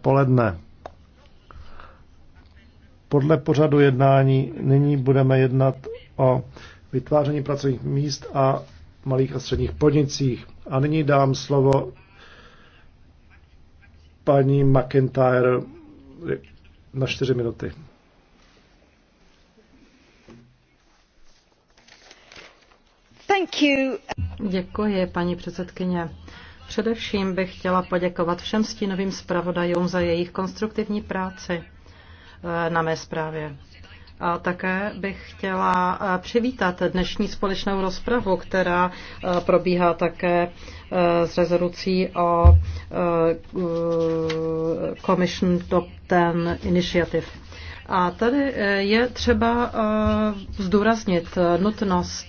poledne. Podle pořadu jednání nyní budeme jednat o vytváření pracovních míst a malých a středních podnicích. A nyní dám slovo paní McIntyre na čtyři minuty. Thank you. Děkuji, paní předsedkyně. Především bych chtěla poděkovat všem stínovým zpravodajům za jejich konstruktivní práci eh, na mé zprávě. A také bych chtěla eh, přivítat dnešní společnou rozpravu, která eh, probíhá také s rezolucí o Commission Top Ten Initiative. A tady eh, je třeba eh, zdůraznit eh, nutnost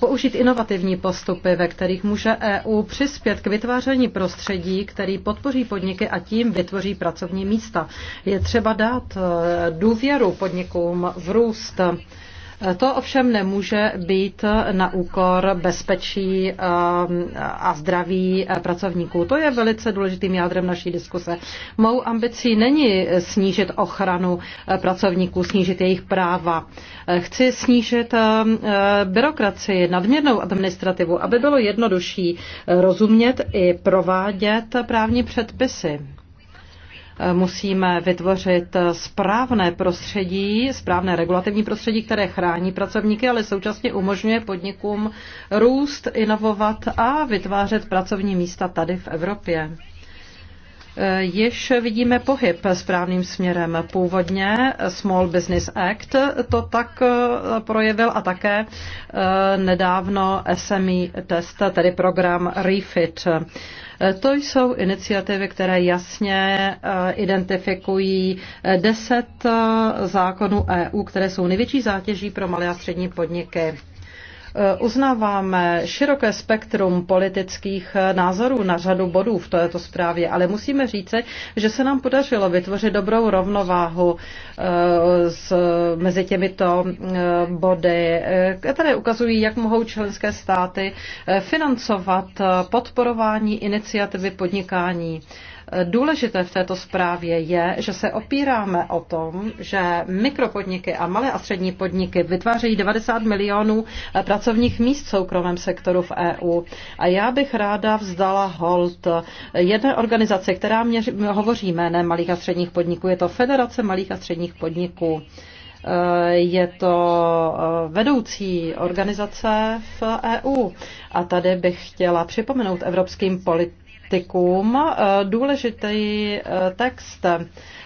použít inovativní postupy, ve kterých může EU přispět k vytváření prostředí, který podpoří podniky a tím vytvoří pracovní místa. Je třeba dát důvěru podnikům v růst to ovšem nemůže být na úkor bezpečí ehm, a zdraví eh, pracovníků. To je velice důležitým jádrem naší diskuse. Mou ambicí není snížit ochranu eh, pracovníků, snížit jejich práva. Eh, chci snížit ehm, byrokracii, nadměrnou administrativu, aby bylo jednodušší rozumět i provádět právní předpisy musíme vytvořit správné prostředí, správné regulativní prostředí, které chrání pracovníky, ale současně umožňuje podnikům růst, inovovat a vytvářet pracovní místa tady v Evropě již vidíme pohyb správným směrem. Původně Small Business Act to tak eh, projevil a také eh, nedávno SME test, tedy program REFIT. Eh, to jsou iniciativy, které jasně identifikují deset zákonů EU, které jsou největší zátěží pro malé a střední podniky. Eh, uznáváme široké spektrum politických eh, názorů na řadu bodů v této zprávě, ale musíme říci, že se nám podařilo vytvořit dobrou rovnováhu eh, s, mezi těmito body, které ukazují, jak mohou členské státy financovat podporování iniciativy podnikání. Důležité v této zprávě je, že se opíráme o tom, že mikropodniky a malé a střední podniky vytvářejí 90 milionů eh, pracovních míst v soukromém sektoru v EU. A já bych ráda vzdala hold jedné organizace, která mě hovoří jménem malých a středních podniků. Je to Federace malých a středních podniků. Eh, je to eh, vedoucí organizace v EU. A tady bych chtěla připomenout evropským polit praktikum. Eh, důležitý eh, text.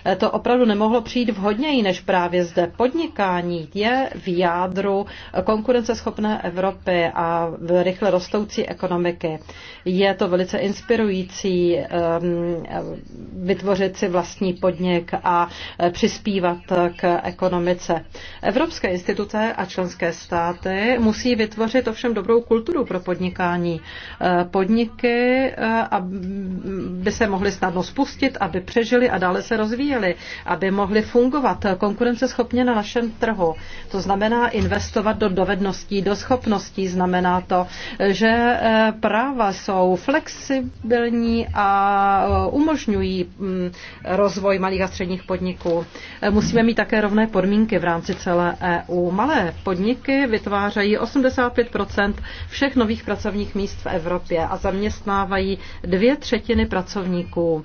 Eh, to opravdu nemohlo přijít vhodněji než právě zde. Podnikání je v jádru konkurenceschopné Evropy a v rychle rostoucí ekonomiky. Je to velice inspirující ehm, vytvořit si vlastní podnik a přispívat k ekonomice. Evropské instituce a členské státy musí vytvořit ovšem dobrou kulturu pro podnikání. Podniky aby by se mohly snadno spustit, aby přežili a dále se rozvíjeli, aby mohli fungovat konkurenceschopně na našem trhu. To znamená investovat do dovedností, do schopností. Znamená to, že eh, práva jsou flexibilní a eh, umožňují mm, rozvoj malých a středních podniků. Eh, musíme mít také rovné podmínky v rámci celé EU. Malé podniky vytvářejí 85 všech nových pracovních míst v Evropě a zaměstnávají dvě dvě třetiny pracovníků. E,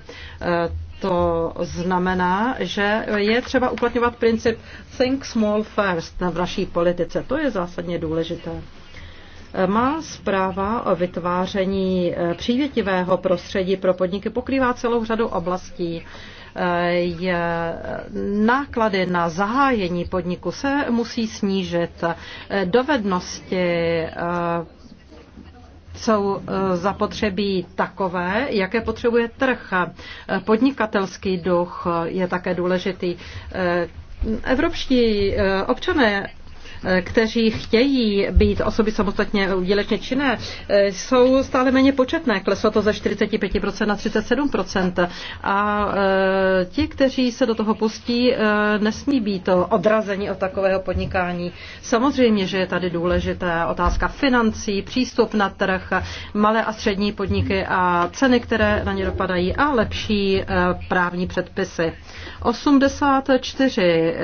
to znamená, že je třeba uplatňovat princip think small first v naší politice. To je zásadně důležité. E, má zpráva o vytváření e, přívětivého prostředí pro podniky pokrývá celou řadu oblastí. Je, náklady na zahájení podniku se musí snížit, dovednosti jsou e, zapotřebí takové, jaké potřebuje trh. E, podnikatelský duch je také důležitý. E, evropští občané Eh, kteří chtějí být osoby samostatně výdělečně činné, eh, jsou stále méně početné. Kleslo to ze 45% na 37%. A eh, ti, kteří se do toho pustí, nesmí být odrazení od takového podnikání. Samozřejmě, že je tady důležitá otázka financí, přístup na trh, malé a střední podniky a ceny, které na ně dopadají a lepší právní předpisy. 84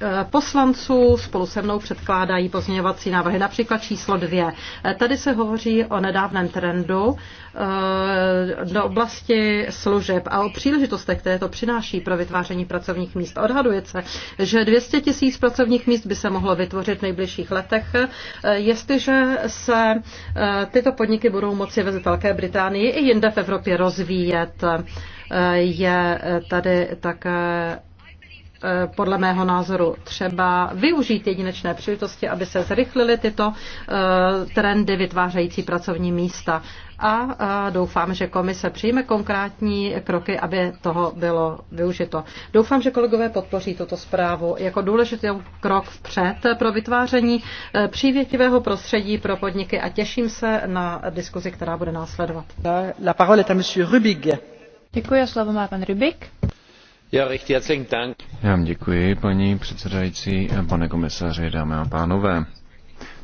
Eh, poslanců spolu se mnou předkládají pozměňovací návrhy, například číslo dvě. Eh, tady se hovoří o nedávném trendu eh, do oblasti služeb a o příležitostech, které to přináší pro vytváření pracovních míst. Odhaduje se, že 200 tisíc pracovních míst by se mohlo vytvořit v nejbližších letech, jestliže se tyto podniky budou moci ve Velké Británii i jinde v Evropě rozvíjet. Je tady také Eh, podle mého názoru třeba využít jedinečné příležitosti, aby se zrychlily tyto eh, trendy vytvářející pracovní místa. A doufám, že komise přijme konkrétní kroky, aby toho bylo využito. Doufám, že kolegové podpoří tuto zprávu jako důležitý krok vpřed pro vytváření eh, přívětivého prostředí pro podniky a těším se na diskuzi, která bude následovat. La parole est à monsieur Rubig. Děkuji a slovo má pan Rubik. Já vám děkuji, paní předsedající, pane komisaři, dámy a pánové.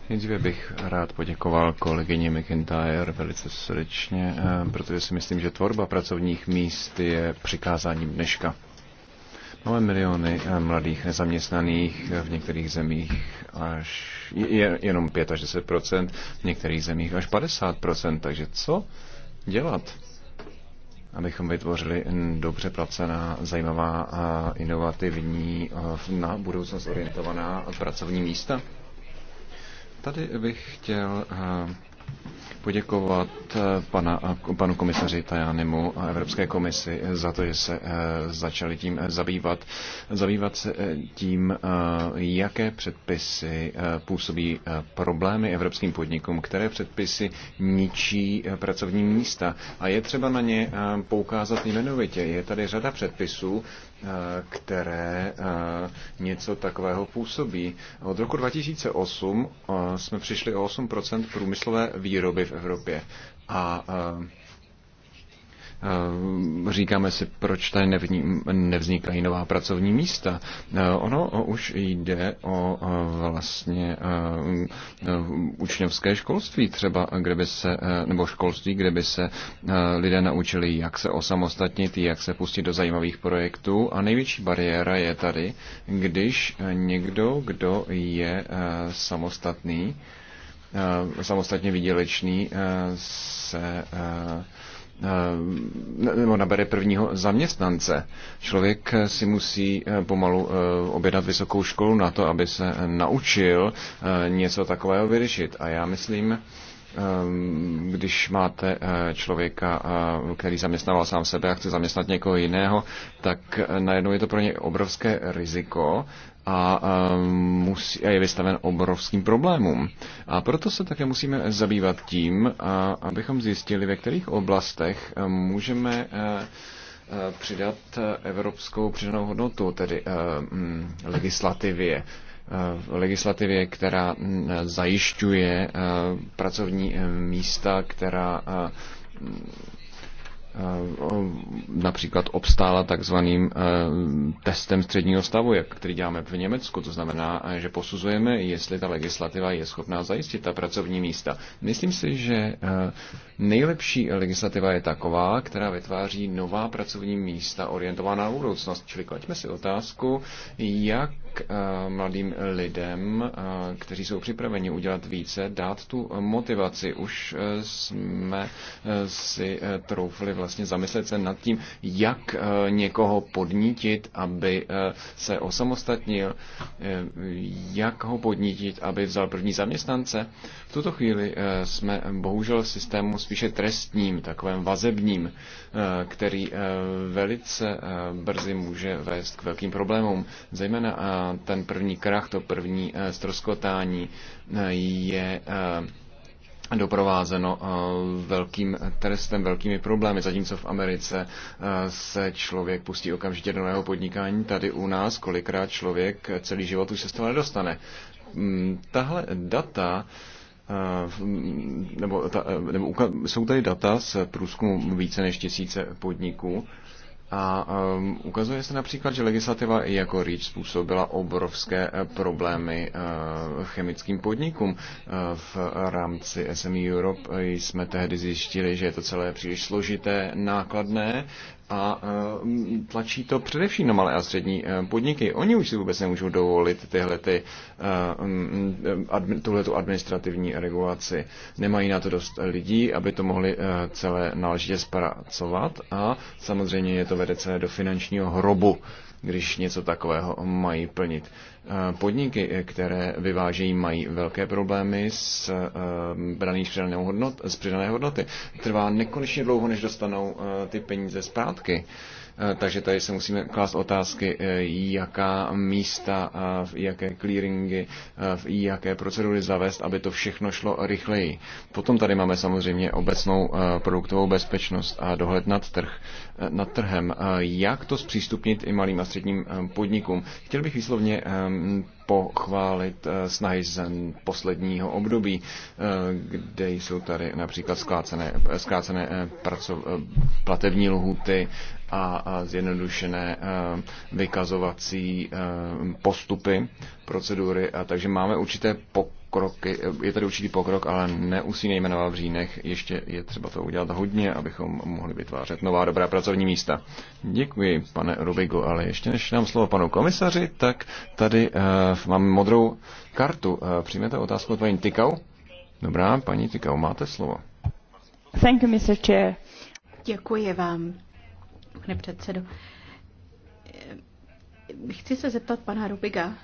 Nejdříve bych rád poděkoval kolegyni McIntyre velice srdečně, eh, protože si myslím, že tvorba pracovních míst je přikázáním dneška. Máme miliony eh, mladých nezaměstnaných eh, v některých zemích až jenom 5 až 10 v některých zemích až 50 takže co dělat? abychom vytvořili dobře placená, zajímavá a inovativní na budoucnost orientovaná pracovní místa. Tady bych chtěl poděkovat eh, pana, eh, panu komisaři Tajanimu a Evropské komisi eh, za to, že se začali tím zabývat. Zabývat se tím, jaké předpisy působí problémy evropským podnikům, které předpisy ničí pracovní místa. A je třeba na ně poukázat jmenovitě. Je tady řada předpisů, Eh, které eh, něco takového působí. Od roku 2008 eh, jsme přišli o 8 průmyslové výroby v Evropě a Eh, říkáme si, proč tady nevznikají nová pracovní místa. Eh, ono už jde o eh, vlastně učňovské školství třeba, kde by se, nebo školství, kde by se lidé naučili, jak se osamostatnit, jak se pustit do zajímavých projektů. A největší bariéra je tady, když někdo, kdo je samostatný, samostatně výdělečný, se Eh, nebo nabere prvního zaměstnance. Člověk eh, si musí eh, pomalu objednat vysokou školu na to, aby se naučil něco takového vyřešit. A já myslím, Ehm, když máte eh, člověka, eh, který zaměstnával sám sebe a chce zaměstnat někoho jiného, tak eh, najednou je to pro něj obrovské riziko a, ehm, musí, a je vystaven obrovským problémům. A proto se také musíme zabývat tím, abychom zjistili, ve kterých oblastech můžeme přidat evropskou přidanou hodnotu, tedy mm, legislativě v legislativě, která zajišťuje eh, pracovní eh, místa, která eh, například obstála takzvaným testem středního stavu, jak, který děláme v Německu. To znamená, že posuzujeme, jestli ta legislativa je schopná zajistit ta pracovní místa. Myslím si, že nejlepší legislativa je taková, která vytváří nová pracovní místa orientovaná na budoucnost. Čili klaďme si otázku, jak k eh, mladým lidem, eh, kteří jsou připraveni udělat více, dát tu motivaci. Už eh, jsme si troufli vlastně zamyslet se nad tím, jak někoho podnítit, aby se osamostatnil, jak ho podnítit, aby vzal první zaměstnance. V tuto chvíli jsme bohužel v systému spíše trestním, takovém vazebním, který velice brzy může vést k velkým problémům, zejména ten první krach, to první stroskotání eh, eh, je eh, doprovázeno velkým trestem, velkými problémy. Zatímco v Americe se člověk pustí okamžitě do nového podnikání, tady u nás kolikrát člověk celý život už se z toho nedostane. Mm, tahle data nebo, ta, nebo jsou tady data z průzkumu více než tisíce podniků a um, ukazuje se například, že legislativa i jako REACH způsobila obrovské eh, problémy uh, chemickým podnikům. Uh, v rámci SME Europe jsme tehdy zjistili, že je to celé příliš složité, nákladné, a e, tlačí to především na malé a střední e, podniky. Oni už si vůbec nemůžou dovolit tyhlety, e, tuhletu administrativní regulaci. Nemají na to dost lidí, aby to mohli celé náležitě zpracovat a samozřejmě je to vede celé do finančního hrobu když něco takového mají plnit. Podniky, které vyvážejí, mají velké problémy s braných z přidané hodnoty. Trvá nekonečně dlouho, než dostanou ty peníze zpátky látky. Eh, takže tady se musíme klást otázky, eh, jaká místa, eh, jaké clearingy, jaké procedury zavést, aby to všechno šlo rychleji. Potom tady máme samozřejmě obecnou produktovou bezpečnost a dohled nad, trh, nad trhem. Jak to zpřístupnit i malým a středním podnikům? Chtěl bych výslovně pochválit snahy z posledního období, kde jsou tady například zkrácené, zkrácené pracov, platební lhuty, a zjednodušené eh, vykazovací eh, postupy, procedury. A takže máme určité pokroky, eh, je tady určitý pokrok, ale neusínejme na vavřínech. Ještě je třeba to udělat hodně, abychom mohli vytvářet nová dobrá pracovní místa. Děkuji, pane Rubigo, ale ještě než dám slovo panu komisaři, tak tady uh, mám modrou kartu. Uh, přijmete otázku od paní Tykau? Dobrá, paní Tykau, máte slovo. Thank you, Mr. Chair. Děkuji vám pane předsedo. Chci se zeptat pana Rubiga.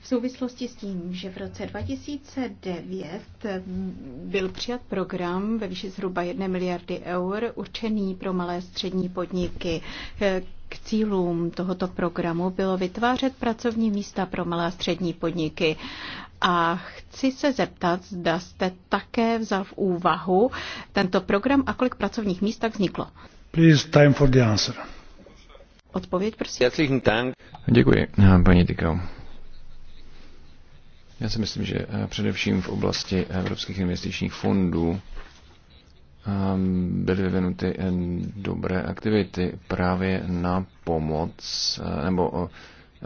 V souvislosti s tím, že v roce 2009 byl přijat program ve výši zhruba 1 miliardy eur určený pro malé střední podniky, k cílům tohoto programu bylo vytvářet pracovní místa pro malé střední podniky a chci se zeptat, zda jste také vzal v úvahu tento program a kolik pracovních míst tak vzniklo. Please, time for the answer. Odpověď, prosím. Děkuji, eh, paní Tykau. Já si myslím, že eh, především v oblasti evropských investičních fondů ehm, byly vyvinuty eh, dobré aktivity právě na pomoc nebo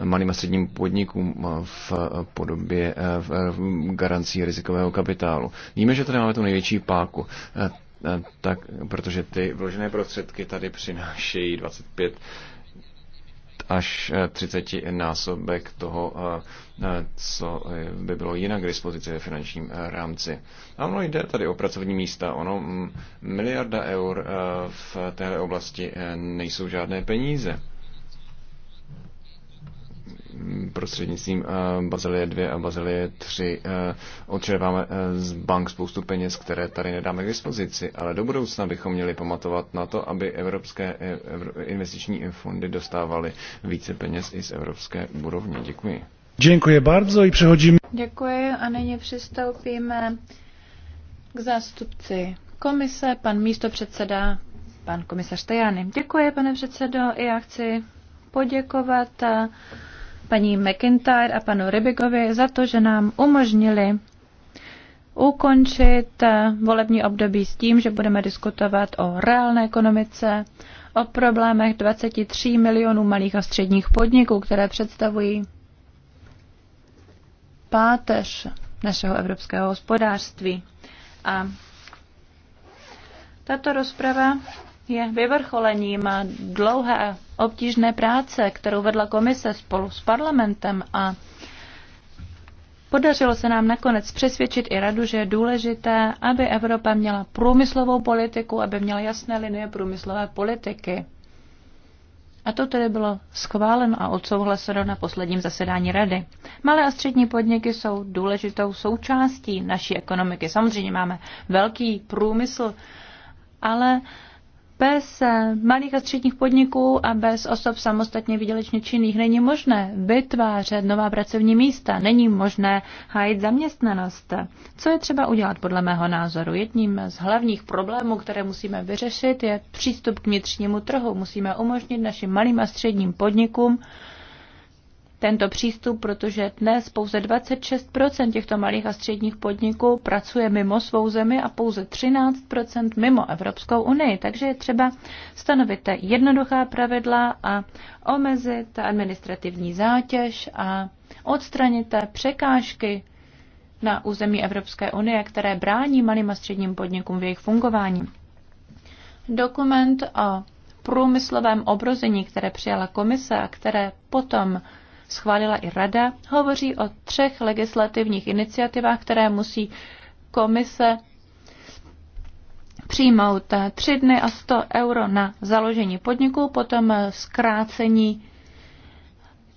malým a středním podnikům eh, v eh, podobě eh, v garancí rizikového kapitálu. Víme, že tady máme tu největší páku, tak, protože ty vložené prostředky tady přinášejí 25 až 30 násobek toho, co by bylo jinak k dispozici ve finančním rámci. A ono jde tady o pracovní místa. Ono mm, miliarda eur v téhle oblasti nejsou žádné peníze prostřednictvím eh, Bazilie 2 a Bazilie 3 eh, odčerpáme eh, z bank spoustu peněz, které tady nedáme k dispozici, ale do budoucna bychom měli pamatovat na to, aby evropské investiční fondy dostávaly více peněz i z evropské úrovně. Děkuji. Děkuji bardzo i přehodím. Děkuji a nyní přistoupíme k zástupci komise, pan místopředseda, pan komisař Tajany. Děkuji, pane předsedo, i já chci poděkovat paní McIntyre a panu Rybigovi za to, že nám umožnili ukončit eh, volební období s tím, že budeme diskutovat o reálné ekonomice, o problémech 23 milionů malých a středních podniků, které představují páteř našeho evropského hospodářství. A tato rozprava je vyvrcholením dlouhé obtížné práce, kterou vedla komise spolu s parlamentem a Podařilo se nám nakonec přesvědčit i radu, že je důležité, aby Evropa měla průmyslovou politiku, aby měla jasné linie průmyslové politiky. A to tedy bylo schváleno a odsouhlaseno na posledním zasedání rady. Malé a střední podniky jsou důležitou součástí naší ekonomiky. Samozřejmě máme velký průmysl, ale bez malých a středních podniků a bez osob samostatně výdělečně činných není možné vytvářet nová pracovní místa, není možné hájit zaměstnanost. Co je třeba udělat podle mého názoru? Jedním z hlavních problémů, které musíme vyřešit, je přístup k vnitřnímu trhu. Musíme umožnit našim malým a středním podnikům tento přístup, protože dnes pouze 26 těchto malých a středních podniků pracuje mimo svou zemi a pouze 13 mimo Evropskou unii. Takže je třeba stanovit jednoduchá pravidla a omezit administrativní zátěž a odstranit překážky na území Evropské unie, které brání malým a středním podnikům v jejich fungování. Dokument o průmyslovém obrození, které přijala komise a které potom schválila i Rada, hovoří o třech legislativních iniciativách, které musí komise přijmout tři dny a 100 euro na založení podniku, potom zkrácení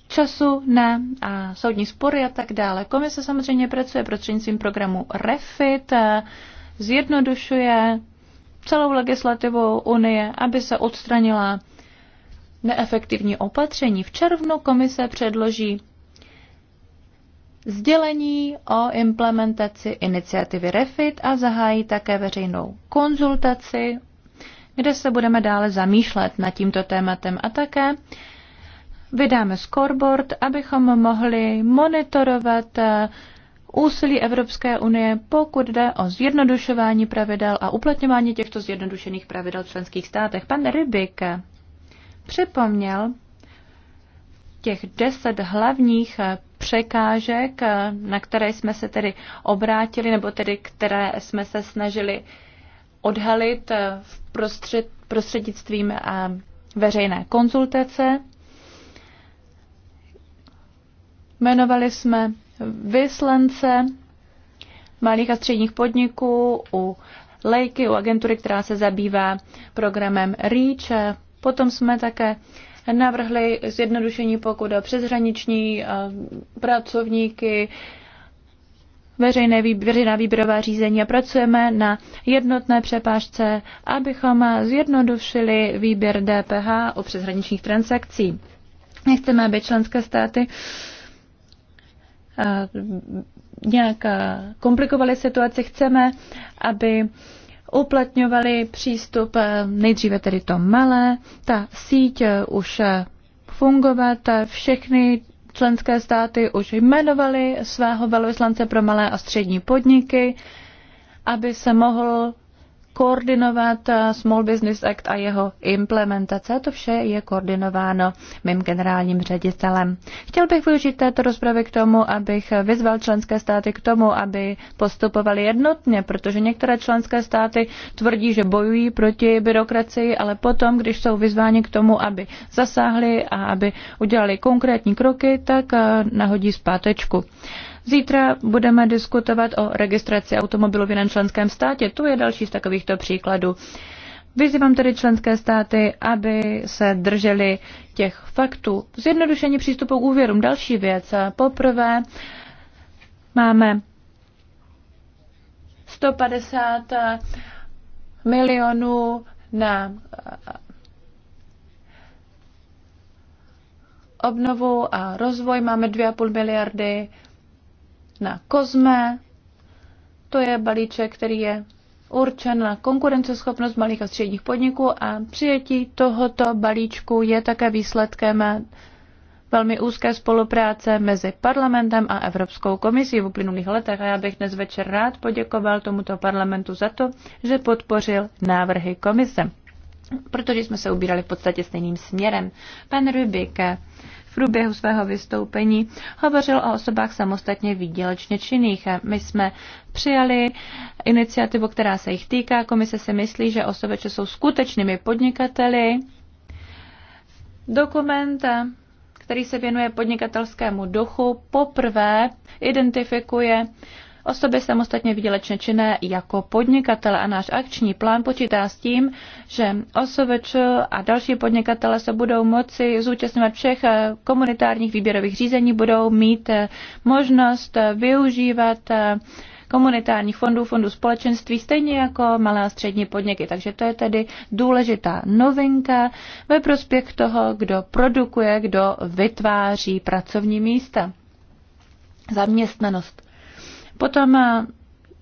času na a soudní spory a tak dále. Komise samozřejmě pracuje prostřednictvím programu REFIT, zjednodušuje celou legislativu Unie, aby se odstranila neefektivní opatření, v červnu komise předloží sdělení o implementaci iniciativy REFIT a zahájí také veřejnou konzultaci, kde se budeme dále zamýšlet nad tímto tématem a také vydáme scoreboard, abychom mohli monitorovat eh, úsilí Evropské unie, pokud jde o zjednodušování pravidel a uplatňování těchto zjednodušených pravidel v členských státech. Pan Rybik připomněl těch deset hlavních eh, překážek, eh, na které jsme se tedy obrátili, nebo tedy které jsme se snažili odhalit eh, v prostřed, prostřednictvím veřejné konzultace. Jmenovali jsme vyslance malých a středních podniků u Lejky, u agentury, která se zabývá programem REACH. Potom jsme také navrhli zjednodušení pokud o přeshraniční eh, pracovníky, veřejné na výběrová řízení a pracujeme na jednotné přepážce, abychom zjednodušili výběr DPH u přeshraničních transakcí. Nechceme, aby členské státy eh, nějak eh, komplikovaly situaci. Chceme, aby uplatňovali přístup eh, nejdříve tedy to malé, ta síť eh, už eh, fungovat, všechny členské státy už jmenovaly svého velvyslance pro malé a střední podniky, aby se mohl koordinovat eh, Small Business Act a jeho implementace. A to vše je koordinováno mým generálním ředitelem. Chtěl bych využít této rozpravy k tomu, abych vyzval členské státy k tomu, aby postupovali jednotně, protože některé členské státy tvrdí, že bojují proti byrokracii, ale potom, když jsou vyzváni k tomu, aby zasáhli a aby udělali konkrétní kroky, tak eh, nahodí zpátečku. Zítra budeme diskutovat o registraci automobilů v jiném členském státě. Tu je další z takovýchto příkladů. Vyzývám tedy členské státy, aby se drželi těch faktů. Zjednodušení přístupu k úvěrům. Další věc. Poprvé máme 150 milionů na eh, obnovu a rozvoj. Máme 2,5 miliardy na Kozme. To je balíček, který je určen na konkurenceschopnost malých a středních podniků a přijetí tohoto balíčku je také výsledkem velmi úzké spolupráce mezi parlamentem a Evropskou komisí v uplynulých letech a já bych dnes večer rád poděkoval tomuto parlamentu za to, že podpořil návrhy komise protože jsme se ubírali v podstatě stejným směrem. Pan Rubik průběhu svého vystoupení hovořil o osobách samostatně výdělečně činných. A my jsme přijali iniciativu, která se jich týká. Komise si myslí, že co jsou skutečnými podnikateli. Dokument který se věnuje podnikatelskému duchu, poprvé identifikuje osoby samostatně výdělečně činné jako podnikatele a náš akční plán počítá s tím, že OSVČ a další podnikatele se budou moci zúčastňovat všech eh, komunitárních výběrových řízení, budou mít eh, možnost eh, využívat komunitárních fondů, fondů společenství, stejně jako malé a střední podniky. Takže to je tedy důležitá novinka ve prospěch toho, kdo produkuje, kdo vytváří pracovní místa. Zaměstnanost. Potom eh,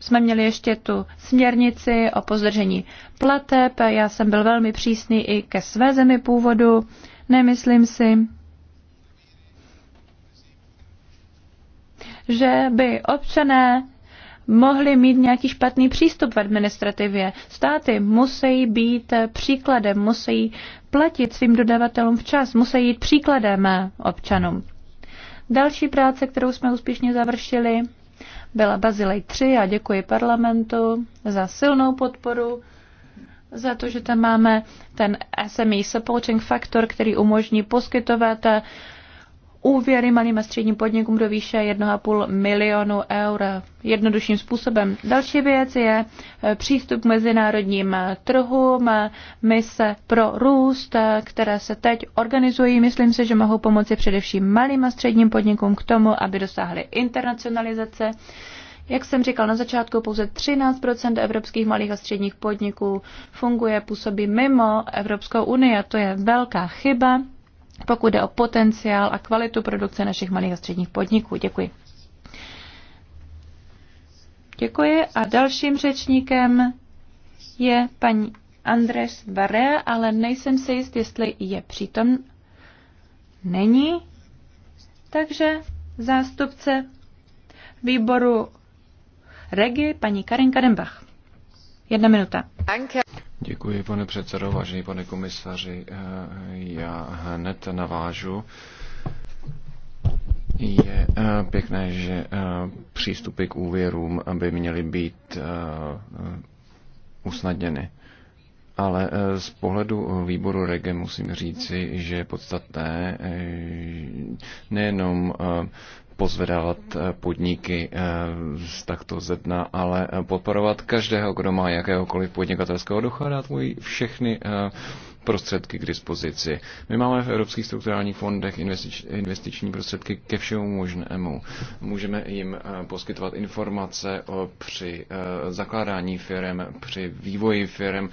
jsme měli ještě tu směrnici o pozdržení plateb. Já jsem byl velmi přísný i ke své zemi původu. Nemyslím si, že by občané mohli mít nějaký špatný přístup v administrativě. Státy musí být příkladem, musí platit svým dodavatelům včas, musí jít příkladem občanům. Další práce, kterou jsme úspěšně završili, byla Bazilej 3 a děkuji parlamentu za silnou podporu, za to, že tam máme ten SME supporting factor, který umožní poskytovat úvěry malým a středním podnikům do výše 1,5 milionu eur jednodušším způsobem. Další věc je eh, přístup k mezinárodním eh, trhům, eh, mise pro růst, které se teď organizují. Myslím si, že mohou pomoci především malým a středním podnikům k tomu, aby dosáhly internacionalizace. Jak jsem říkal na začátku, pouze 13 evropských malých a středních podniků funguje, působí mimo Evropskou unii a to je velká chyba pokud jde o potenciál a kvalitu produkce našich malých a středních podniků. Děkuji. Děkuji a dalším řečníkem je paní Andres Barre, ale nejsem si jist, jestli je přítom. Není. Takže zástupce výboru Regi, paní Karin Kadenbach. Jedna minuta. Danke. Děkuji, pane předsedo, vážený pane komisaři. Eh, já hned navážu. Je eh, pěkné, že eh, přístupy k úvěrům by měly být usnadněny. Ale z pohledu výboru REGE musím říci, že je podstatné nejenom pozvedávat eh, podniky eh, z takto ze dna, ale eh, podporovat každého, kdo má jakéhokoliv podnikatelského ducha, dát mu všechny prostředky k dispozici. My máme v evropských strukturálních fondech investič, investiční prostředky ke všemu možnému. Můžeme jim poskytovat informace o, při zakládání firm, při vývoji firm,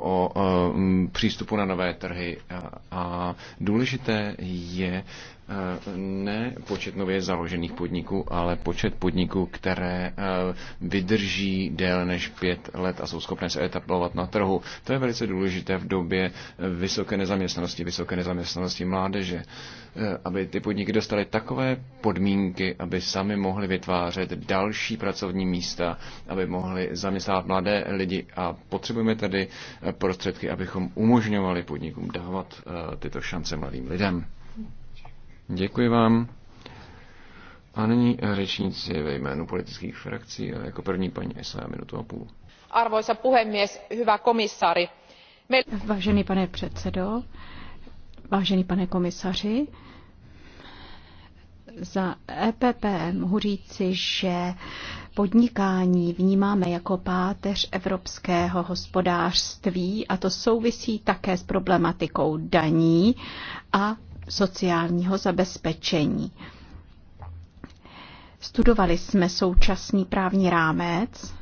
o přístupu na nové trhy. A důležité je Eh, ne počet nově založených podniků, ale počet podniků, které eh, vydrží déle než pět let a jsou schopné se etablovat na trhu. To je velice důležité v době eh, vysoké nezaměstnanosti, vysoké nezaměstnanosti mládeže, aby ty podniky dostaly takové podmínky, aby sami mohli vytvářet další pracovní místa, aby mohli zaměstnávat mladé lidi a potřebujeme tady prostředky, abychom umožňovali podnikům dávat tyto šance mladým lidem. Děkuji vám. A nyní řečníci ve jménu politických frakcí a jako první paní Esa minutu a půl. Arvoisa puhemies, hyvä komisari. Me... Vážený pane předsedo, vážený pane komisaři, za EPP mohu říci, že podnikání vnímáme jako páteř evropského hospodářství a to souvisí také s problematikou daní a sociálního zabezpečení. Studovali jsme současný právní rámec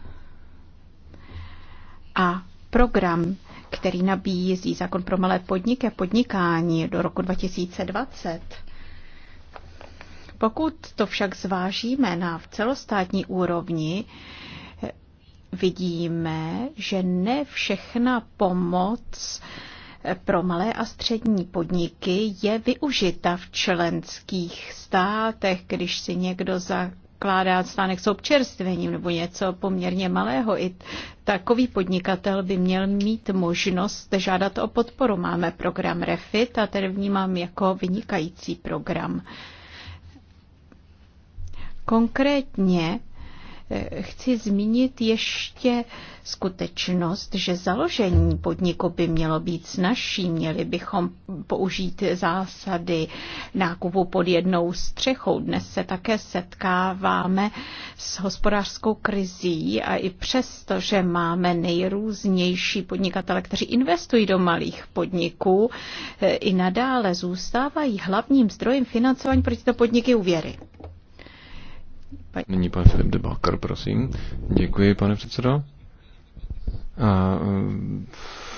a program, který nabízí zákon pro malé podniky a podnikání do roku 2020. Pokud to však zvážíme na celostátní úrovni, vidíme, že ne všechna pomoc pro malé a střední podniky je využita v členských státech, když si někdo za zakládá stánek s občerstvením nebo něco poměrně malého. I takový podnikatel by měl mít možnost žádat o podporu. Máme program REFIT a tedy vnímám jako vynikající program. Konkrétně Eh, chci zmínit ještě skutečnost, že založení podniku by mělo být snažší. Měli bychom použít zásady nákupu pod jednou střechou. Dnes se také setkáváme s hospodářskou krizí a i přesto, že máme nejrůznější podnikatele, kteří investují do malých podniků, eh, i nadále zůstávají hlavním zdrojem financování pro tyto podniky úvěry. Nyní pan Filip Debakar, prosím. Děkuji, pane předsedo. A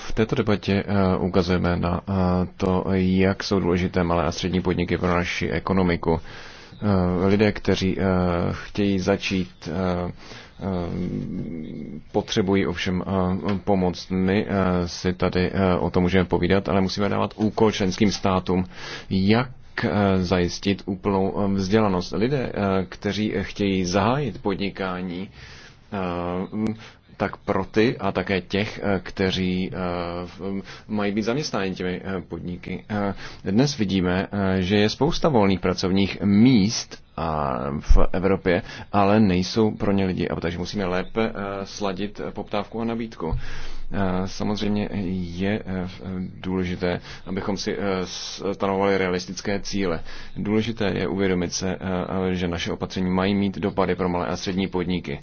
v této debatě ukazujeme na to, jak jsou důležité malé a střední podniky pro naši ekonomiku. Lidé, kteří chtějí začít, potřebují ovšem pomoc. My si tady o tom můžeme povídat, ale musíme dávat úkol členským státům, jak Eh, zajistit úplnou eh, vzdělanost. Lidé, eh, kteří chtějí zahájit podnikání, tak pro ty a také těch, kteří mají být zaměstnáni těmi podniky. Dnes vidíme, že je spousta volných pracovních míst a v Evropě, ale nejsou pro ně lidi, takže musíme lépe eh, sladit eh, poptávku a nabídku. Eh, samozřejmě je důležité, abychom si stanovali realistické cíle. Důležité je uvědomit se, že naše opatření mají mít dopady pro malé a střední podniky.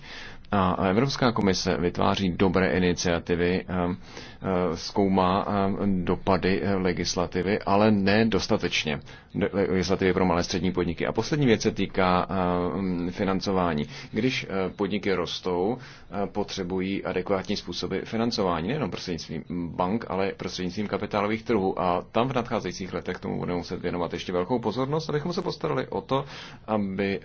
A Evropská komise vytváří dobré iniciativy, Eh, zkoumá eh, dopady eh, legislativy, ale ne dostatečně legislativy pro malé střední podniky. A poslední věc se týká financování. Když podniky rostou, potřebují adekvátní způsoby financování, nejenom prostřednictvím bank, ale prostřednictvím kapitálových trhů. A tam v nadcházejících letech tomu budeme muset věnovat ještě velkou pozornost, abychom se postarali o to, aby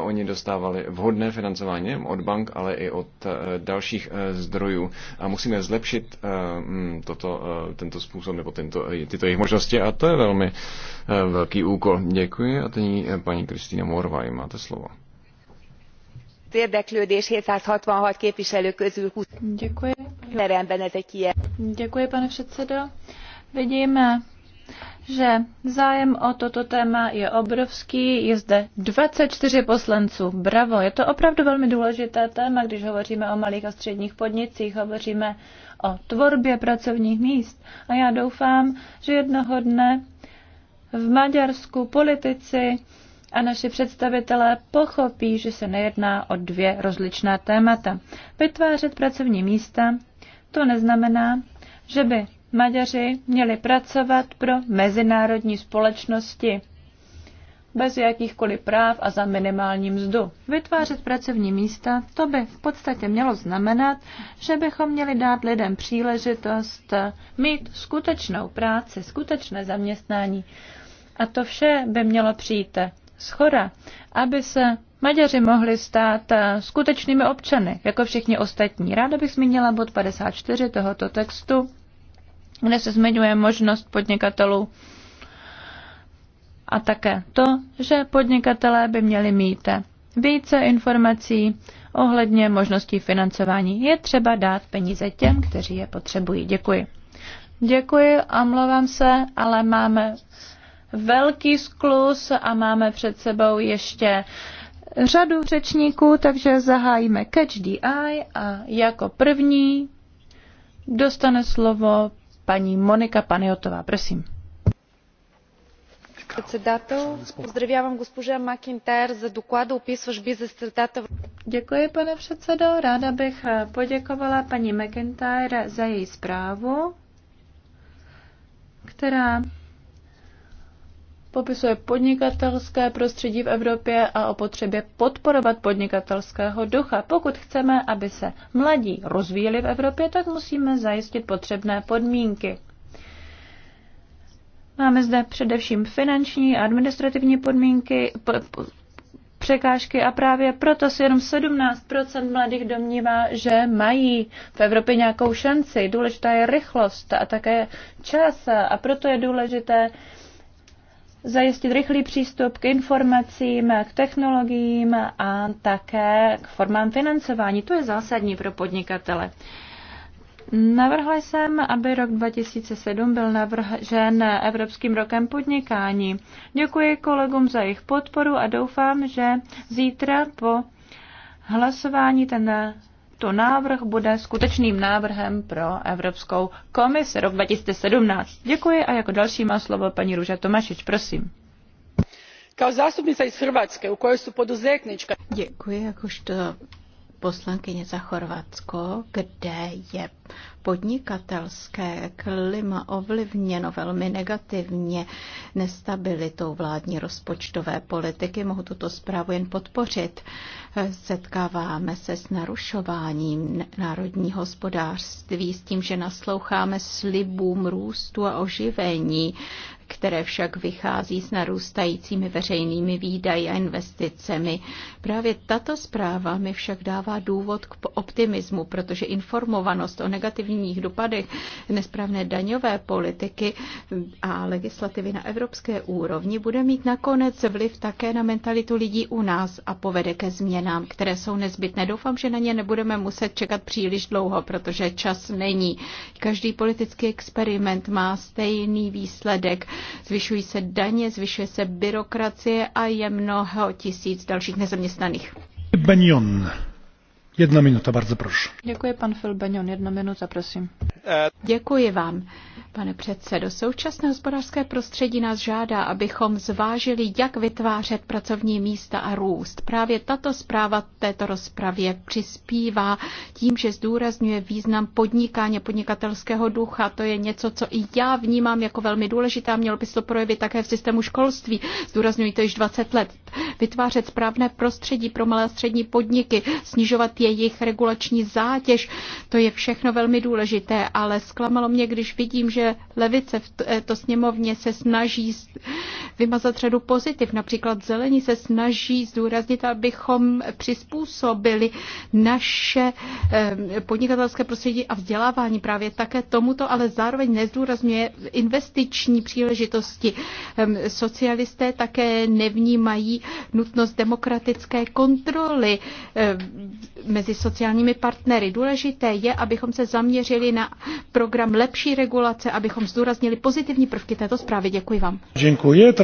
oni dostávali vhodné financování od bank, ale i od dalších zdrojů. A musíme zlepšit Eh, mm, toto, eh, tento způsob nebo tento, eh, tyto jejich možnosti a to je velmi velký úkol. Děkuji a teď paní Kristýna Morvá, máte slovo. Děkuji. Děkuji, pane předsedo. Vidíme, že zájem o toto téma je obrovský. Je zde 24 poslanců. Bravo, je to opravdu velmi důležité téma, když hovoříme o malých a středních podnicích, hovoříme o tvorbě pracovních míst. A já doufám, že jednoho dne v Maďarsku politici a naši představitelé pochopí, že se nejedná o dvě rozličná témata. Vytvářet pracovní místa to neznamená, že by Maďaři měli pracovat pro mezinárodní společnosti bez jakýchkoliv práv a za minimální mzdu. Vytvářet pracovní místa, to by v podstatě mělo znamenat, že bychom měli dát lidem příležitost eh, mít skutečnou práci, skutečné zaměstnání. A to vše by mělo přijít z eh, chora, aby se Maďaři mohli stát eh, skutečnými občany, jako všichni ostatní. Ráda bych zmínila bod 54 tohoto textu, kde se zmiňuje možnost podnikatelů a také to, že podnikatelé by měli mít více informací ohledně možností financování. Je třeba dát peníze těm, kteří je potřebují. Děkuji. Děkuji, a mluvám se, ale máme velký sklus a máme před sebou ještě řadu řečníků, takže zahájíme Catch the Eye a jako první dostane slovo paní Monika Paniotová. Prosím председател. Поздравявам госпожа Макинтайр за доклада, описващ бизнес средата. Děkuji, pane předsedo. Ráda bych eh, poděkovala paní McIntyre za její zprávu, která popisuje podnikatelské prostředí v Evropě a o potřebě podporovat podnikatelského ducha. Pokud chceme, aby se mladí rozvíjeli v Evropě, tak musíme zajistit potřebné podmínky. Máme zde především finanční a administrativní podmínky, po, po, překážky a právě proto si jenom 17 mladých domnívá, že mají v Evropě nějakou šanci. Důležitá je rychlost a také čas a proto je důležité zajistit rychlý přístup k informacím, k technologiím a také k formám financování. To je zásadní pro podnikatele. Navrhla jsem, aby rok 2007 byl navržen Evropským rokem podnikání. Děkuji kolegům za jejich podporu a doufám, že zítra po hlasování ten to návrh bude skutečným návrhem pro Evropskou komisi rok 2017. Děkuji a jako další má slovo paní Růža Tomašič, prosím. Kao zastupnica u kojoj poduzetnička... Děkuji, jakožto poslankyně za Chorvatsko, kde je podnikatelské klima ovlivněno velmi negativně nestabilitou vládní rozpočtové politiky. Mohu tuto zprávu jen podpořit. Setkáváme se s narušováním národního hospodářství, s tím, že nasloucháme slibům růstu a oživení, které však vychází s narůstajícími veřejnými výdaji a investicemi. Právě tato zpráva mi však dává důvod k optimismu, protože informovanost o negativních dopadech nesprávné daňové politiky a legislativy na evropské úrovni bude mít nakonec vliv také na mentalitu lidí u nás a povede ke změnám, které jsou nezbytné. Doufám, že na ně nebudeme muset čekat příliš dlouho, protože čas není. Každý politický experiment má stejný výsledek. Zvyšují se daně, zvyšuje se byrokracie a je mnoho tisíc dalších nezaměstnaných. Jedna minuta, bardzo proszę. Děkuji, pan Filbenion. Jedna minuta, prosím. Eh. Děkuji vám, pane předsedo. Současné hospodářské prostředí nás žádá, abychom zvážili, jak vytvářet pracovní místa a růst. Právě tato zpráva této rozpravě přispívá tím, že zdůrazňuje význam podnikání podnikatelského ducha. To je něco, co i já vnímám jako velmi důležité a mělo by se to projevit také v systému školství. Zdůrazňuji to již 20 let. Vytvářet správné prostředí pro malé a střední podniky, snižovat je jejich regulační zátěž. To je všechno velmi důležité, ale zklamalo mě, když vidím, že levice v eh, to sněmovně se snaží vymazat řadu pozitiv. Například zelení se snaží zdůraznit, abychom přizpůsobili naše podnikatelské prostředí a vzdělávání právě také tomuto, ale zároveň nezdůrazňuje investiční příležitosti. Socialisté také nevnímají nutnost demokratické kontroly mezi sociálními partnery. Důležité je, abychom se zaměřili na program lepší regulace, abychom zdůraznili pozitivní prvky této zprávy. Děkuji vám. Děkuji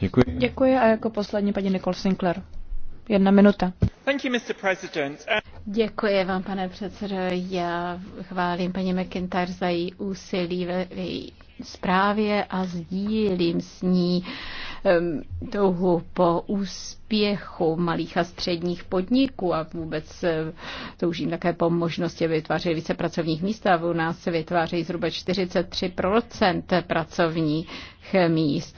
Děkuji. Děkuji a jako poslední paní Nicole Sinclair. Jedna minuta. Děkuji vám, pane předsedo. Já chválím paní McIntyre za její úsilí ve, její zprávě a sdílím s ní um, touhu po úspěchu malých a středních podniků a vůbec eh, toužím také po možnosti vytvářet více pracovních míst a u nás se vytvářejí zhruba 43% pracovních míst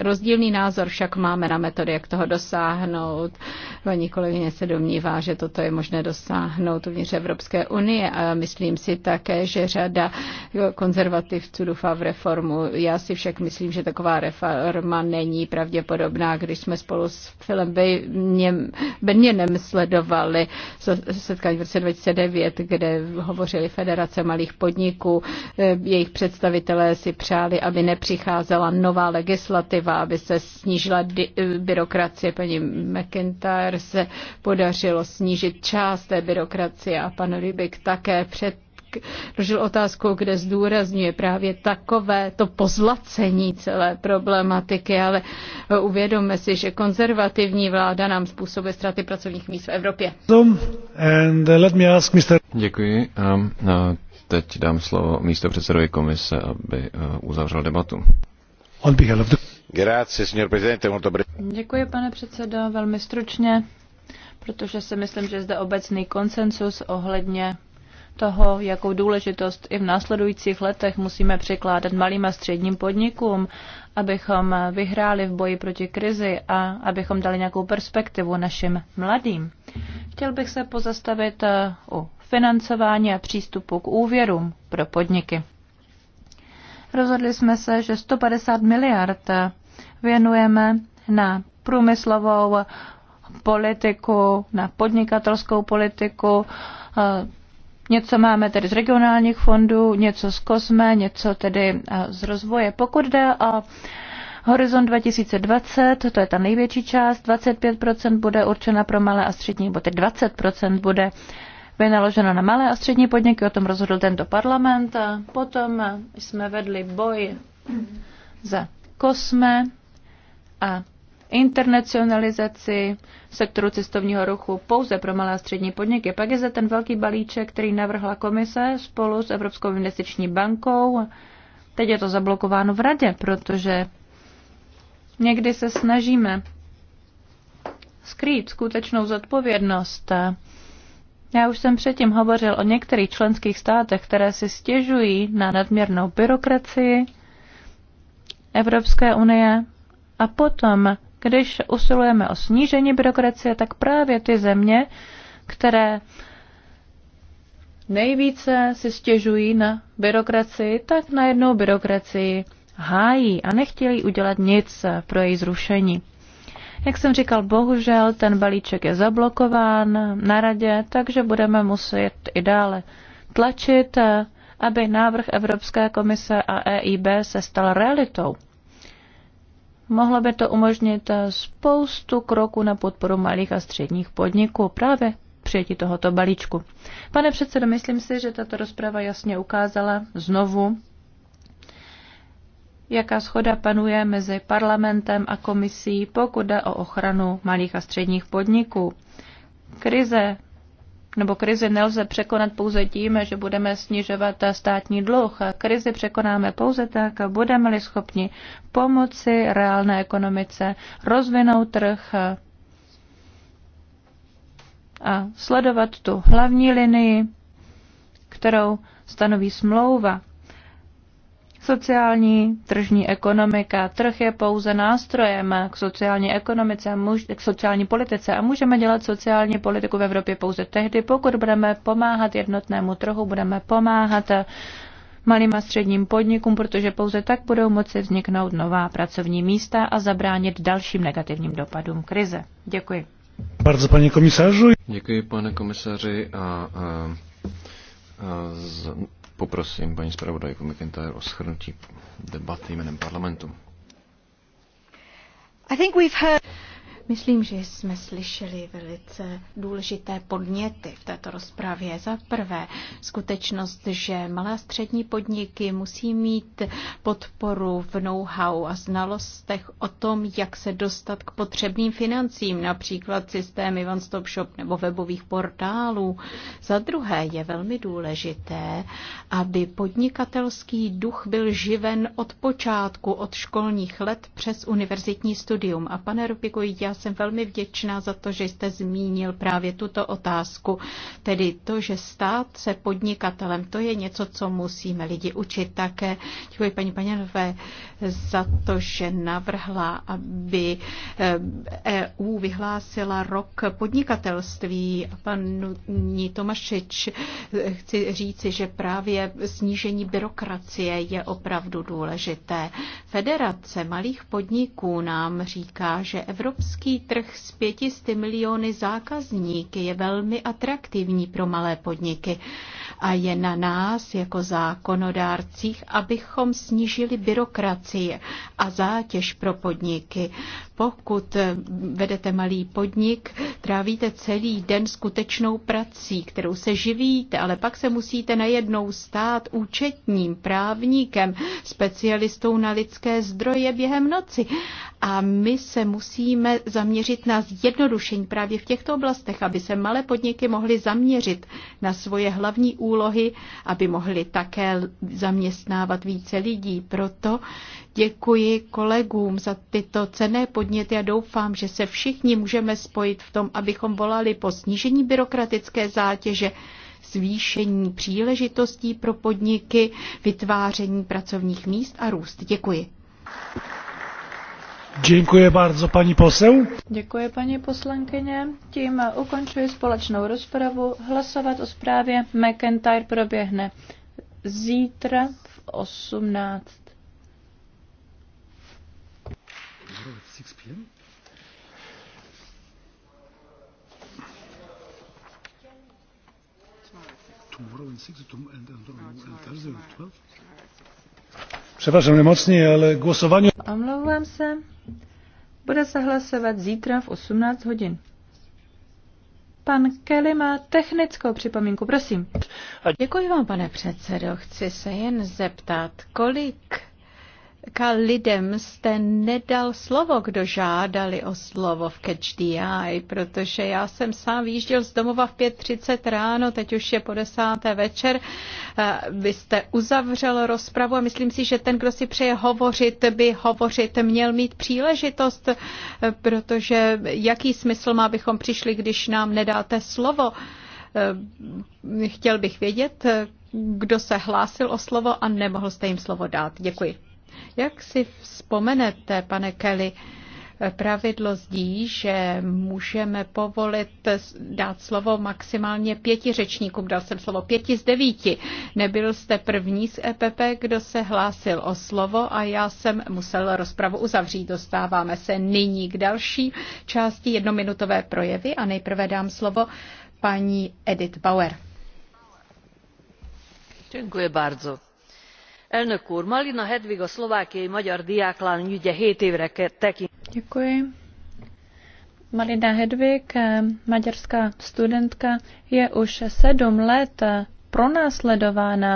Rozdílný názor však máme na metody, jak toho dosáhnout. Paní kolegyně se domnívá, že toto je možné dosáhnout uvnitř Evropské unie a myslím si také, že řada konzervativců doufá v reformu. Já si však myslím, že taková reforma není pravděpodobná, když jsme spolu s Filem Benjenem sledovali setkání v roce 2009, kde hovořili Federace malých podniků. Jejich představitelé si přáli, aby nepřicházela nová legislativa třeba, aby se snížila byrokracie. Paní McIntyre se podařilo snížit část té byrokracie a pan Rybik také před dožil otázku, kde zdůrazňuje právě takové to pozlacení celé problematiky, ale uvědomme si, že konzervativní vláda nám způsobuje ztráty pracovních míst v Evropě. Uh, Děkuji. Um, a teď dám slovo místo předsedovi komise, aby uh, uzavřel debatu. Děkuji, pane předsedo, velmi stručně, protože si myslím, že je zde obecný konsensus ohledně toho, jakou důležitost i v následujících letech musíme přikládat malým a středním podnikům, abychom vyhráli v boji proti krizi a abychom dali nějakou perspektivu našim mladým. Chtěl bych se pozastavit eh, u financování a přístupu k úvěrům pro podniky. Rozhodli jsme se, že 150 miliard věnujeme na průmyslovou politiku, na podnikatelskou politiku. Eh, něco máme tedy z regionálních fondů, něco z kosme, něco tedy eh, z rozvoje. Pokud jde o Horizont 2020, to je ta největší část, 25% bude určena pro malé a střední, nebo 20% bude vynaloženo na malé a střední podniky, o tom rozhodl tento parlament. A potom jsme vedli boj za kosme a internacionalizaci sektoru cestovního ruchu pouze pro malé a střední podniky. Pak je zde ten velký balíček, který navrhla komise spolu s Evropskou investiční bankou. Teď je to zablokováno v radě, protože někdy se snažíme skrýt skutečnou zodpovědnost já už jsem předtím hovořil o některých členských státech, které si stěžují na nadměrnou byrokracii Evropské unie a potom, když usilujeme o snížení byrokracie, tak právě ty země, které nejvíce si stěžují na byrokracii, tak najednou byrokracii hájí a nechtějí udělat nic pro její zrušení. Jak jsem říkal, bohužel ten balíček je zablokován na radě, takže budeme muset i dále tlačit, aby návrh Evropské komise a EIB se stal realitou. Mohlo by to umožnit spoustu kroků na podporu malých a středních podniků právě přijetí tohoto balíčku. Pane předsedo, myslím si, že tato rozprava jasně ukázala znovu, jaká schoda panuje mezi parlamentem a komisí, pokud jde o ochranu malých a středních podniků. Krize nebo krizi nelze překonat pouze tím, že budeme snižovat státní dluh. Krizi překonáme pouze tak, budeme-li schopni pomoci reálné ekonomice rozvinout trh a sledovat tu hlavní linii, kterou stanoví smlouva Sociální tržní ekonomika. Trh je pouze nástrojem k sociální ekonomice, k sociální politice a můžeme dělat sociální politiku v Evropě pouze tehdy, pokud budeme pomáhat jednotnému trhu, budeme pomáhat malým a středním podnikům, protože pouze tak budou moci vzniknout nová pracovní místa a zabránit dalším negativním dopadům krize. Děkuji. Bardzo, pane komisaři. Děkuji, pane komisaři. A, a, a z Poprosím paní zpravodajku McIntyre o shrnutí debaty jménem parlamentu. I think we've heard... Myslím, že jsme slyšeli velice důležité podněty v této rozpravě. Za prvé, skutečnost, že malé a střední podniky musí mít podporu v know-how a znalostech o tom, jak se dostat k potřebným financím, například systémy One Stop Shop nebo webových portálů. Za druhé, je velmi důležité, aby podnikatelský duch byl živen od počátku, od školních let přes univerzitní studium. A pane Rupiku, já jsem velmi vděčná za to, že jste zmínil právě tuto otázku, tedy to, že stát se podnikatelem, to je něco, co musíme lidi učit také. Děkuji paní Paněnové za to, že navrhla, aby EU eh, e vyhlásila rok podnikatelství. Paní Tomašič, eh, chci říci, že právě snížení byrokracie je opravdu důležité. Federace malých podniků nám říká, že evropský evropský trh s 500 miliony zákazníky je velmi atraktivní pro malé podniky a je na nás jako zákonodárcích, abychom snížili byrokracii a zátěž pro podniky pokud vedete malý podnik, trávíte celý den skutečnou prací, kterou se živíte, ale pak se musíte najednou stát účetním, právníkem, specialistou na lidské zdroje během noci. A my se musíme zaměřit na zjednodušení právě v těchto oblastech, aby se malé podniky mohly zaměřit na svoje hlavní úlohy, aby mohly také zaměstnávat více lidí. Proto děkuji kolegům za tyto cené podniky podněty a doufám, že se všichni můžeme spojit v tom, abychom volali po snížení byrokratické zátěže, zvýšení příležitostí pro podniky, vytváření pracovních míst a růst. Děkuji. Děkuji bardzo, paní posel. Děkuji, paní poslankyně. Tím ukončuji společnou rozpravu. Hlasovat o zprávě McIntyre proběhne zítra v 18. No, Přepraszam nemocně, ale hlasování. Omlouvám se. Bude se hlasovat zítra v 18 hodin. Pan Kelly má technickou připomínku, prosím. Děkuji vám, pane předsedo. Chci se jen zeptat, kolik Ka lidem jste nedal slovo, kdo žádali o slovo v Catch the Eye, protože já jsem sám výjížděl z domova v 5.30 ráno, teď už je po desáté večer. Eh, vy jste uzavřel rozpravu a myslím si, že ten, kdo si přeje hovořit, by hovořit měl mít příležitost, eh, protože jaký smysl má, bychom přišli, když nám nedáte slovo? Eh, chtěl bych vědět, kdo se hlásil o slovo a nemohl jste jim slovo dát. Děkuji. Jak si vzpomenete, pane Kelly, pravidlo zdí, že můžeme povolit dát slovo maximálně pěti řečníkům. Dal jsem slovo pěti z devíti. Nebyl jste první z EPP, kdo se hlásil o slovo a já jsem musel rozpravu uzavřít. Dostáváme se nyní k další části jednominutové projevy a nejprve dám slovo paní Edith Bauer. Děkuji bardzo elnök úr malina hedvig a szlovákiai magyar diáklány ügye seven évre tekinthető. Malina Hedvig, eh, maďarská studentka, je už sedm let eh, pronásledována